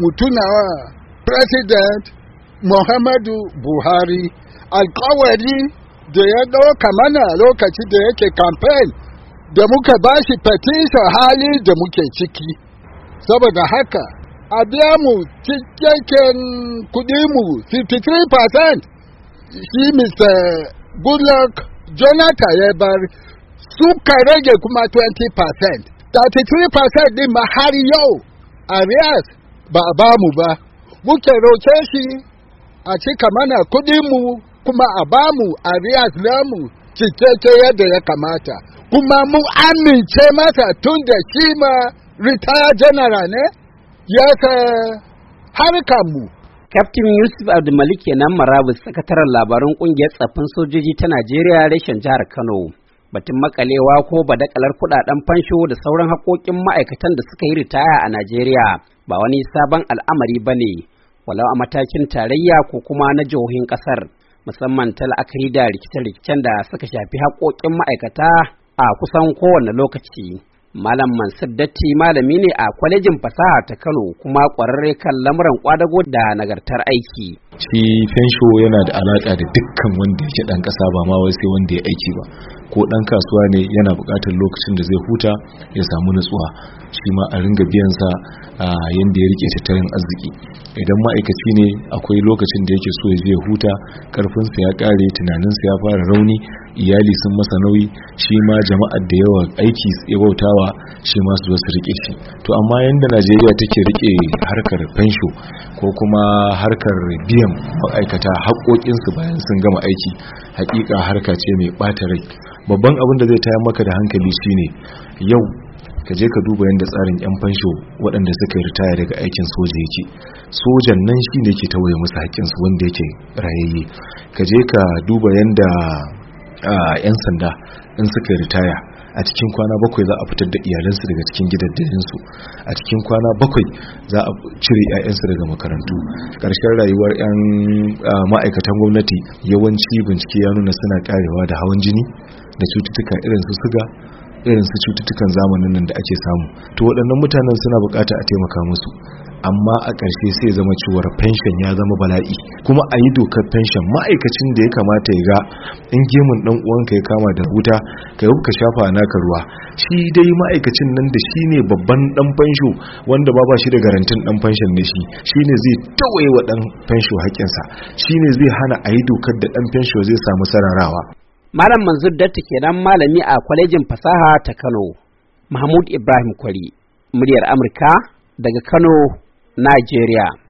mutunawa president muhammadu buhari alkawarin da ya ɗauka mana lokaci da yake campaign da muka ba shi petition hali da muke ciki saboda haka a biya mu cikakken kudinmu 53% shi mr goodluck jonathan ya bar suka rage kuma 20% 33% din ma har yau arias ba a ba mu ba muke roke shi a cika mana mu kuma a ba mu a riyas namu cikeke yadda ya kamata kuma mu amince masa tun da shi ma retired general ne ya harkar mu Kaftin Yusuf Abdulmalik kenan Marabu sakataren labarun ƙungiyar tsaffin sojoji ta Najeriya reshen jihar Kano. Batun makalewa ko badakalar kudaden fansho da sauran haƙoƙin ma'aikatan da suka yi ritaya a Najeriya ba wani sabon al'amari ba ne walau a matakin tarayya ko kuma na jihohin ƙasar musamman ta la'akari da rikice-rikicen da suka shafi haƙoƙin ma'aikata a kusan kowane lokaci. Malam Mansur Datti malami ne a kwalejin fasaha ta Kano kuma ƙwararre kan lamuran kwadago da nagartar aiki. shi fensho yana da alaka da dukkan wanda yake dan ƙasa ba ma wai sai wanda ya aiki ba ko dan kasuwa ne yana bukatar lokacin da zai huta ya samu nutsuwa shi ma a ringa biyan sa yanda ya rike tattalin arziki idan ma'aikaci ne akwai lokacin da yake so ya je huta karfin sa ya kare sa ya fara rauni iyali sun masa nauyi shi ma jama'ar da yawa aiki ya bautawa shi ma su su rike shi to amma yanda najeriya take rike harkar fensho ko kuma harkar biyan ma'aikata haƙoƙinsu bayan sun gama aiki haƙiƙa harka ce mai ɓata rai babban abin da zai taya maka da hankali shine yau ka je ka duba yadda tsarin yan fansho waɗanda suka yi ritaya daga aikin soja yake sojan nan shine ne ke tawaye musu su wanda yake rayayye ka je ka duba yadda yan ah, sanda in suka yi ritaya a cikin kwana bakwai za a fitar da iyalansu daga cikin su a cikin kwana bakwai za a cire 'ya'yansu daga makarantu ƙarshen rayuwar 'yan ma'aikatan gwamnati yawanci bincike ya nuna suna karewa da hawan jini da cututtuka irin su suga irin su cututtukan zamanin nan da ake samu to waɗannan mutanen suna bukata a taimaka musu amma a ƙarshe sai zama cewar fenshon ya zama bala'i kuma a yi dokar fenshon ma'aikacin da ya kamata ya ga in gemun ɗan uwanka ya kama da wuta ka yi ka shafa naka ruwa shi dai ma'aikacin nan da shi ne babban ɗan fensho wanda ba ba shi da garantin ɗan fenshon ne shi shi ne zai tawaye wa ɗan fensho haƙƙinsa shi ne zai hana a yi dokar da ɗan fensho zai samu sararawa Malam Manzur Datta kenan malami a kwalejin fasaha ta Kano, Mahmud Ibrahim Kwari, muryar Amurka daga Kano, Najeriya.